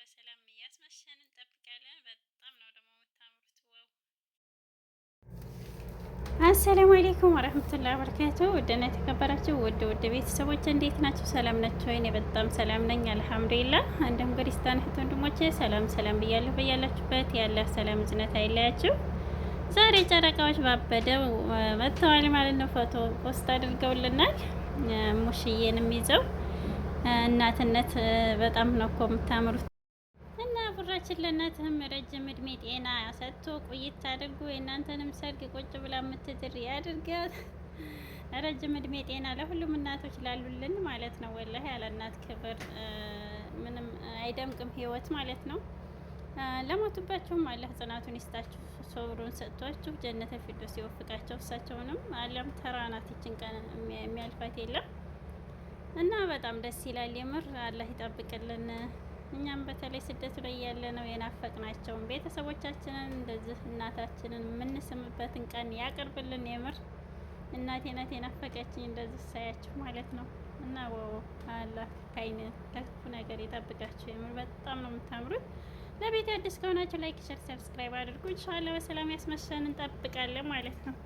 በሰላም እያስመሸን እንጠብቃለን። በጣም ነው ደግሞ የምታምሩት። ወው አሰላሙ አሌይኩም ወረህመቱላ በረካቱ። ውድና የተከበራችሁ ውድ ውድ ቤተሰቦች እንዴት ናቸው? ሰላም ናቸው? እኔ በጣም ሰላም ነኝ አልሐምዱሊላ። እንዲሁም ክርስቲያን እህት ወንድሞቼ ሰላም ሰላም ብያለሁ። በያላችሁበት ያለ ሰላም እዝነት አይለያችሁ። ዛሬ ጨረቃዎች ባበደው መጥተዋል ማለት ነው። ፎቶ ፖስት አድርገውልናል። ሙሽዬንም ይዘው እናትነት በጣም ነው እኮ የምታምሩት። አደራችን ለእናትህም ረጅም እድሜ ጤና ሰጥቶ ቆይት አድርጎ የእናንተንም ሰርግ ቁጭ ብላ የምትድር ያድርጋት። ረጅም እድሜ ጤና ለሁሉም እናቶች ላሉልን ማለት ነው። ወላህ ያለ እናት ክብር ምንም አይደምቅም ህይወት ማለት ነው። ለሞቱባቸውም አላህ ጽናቱን ይስጣችሁ፣ ሶብሩን ሰጥቷችሁ ጀነተ ፊርዶስ ሲወፍቃቸው እሳቸውንም አለም ተራ ናት። ይችን ቀን የሚያልፋት የለም እና በጣም ደስ ይላል የምር አላህ ይጠብቅልን። እኛም በተለይ ስደት ላይ ያለ ነው የናፈቅናቸውን ቤተሰቦቻችንን እንደዚህ እናታችንን የምንስምበትን ቀን ያቅርብልን። የምር እናቴ ናት የናፈቀችኝ እንደዚህ ሳያችሁ ማለት ነው። እና ወው አላ ከአይን ከክፉ ነገር የጠብቃችሁ። የምር በጣም ነው የምታምሩት። ለቤት አዲስ ከሆናችሁ ላይክ፣ ሸር፣ ሰብስክራይብ አድርጉ። ኢንሻአላህ በሰላም ያስመሸን እንጠብቃለን ማለት ነው።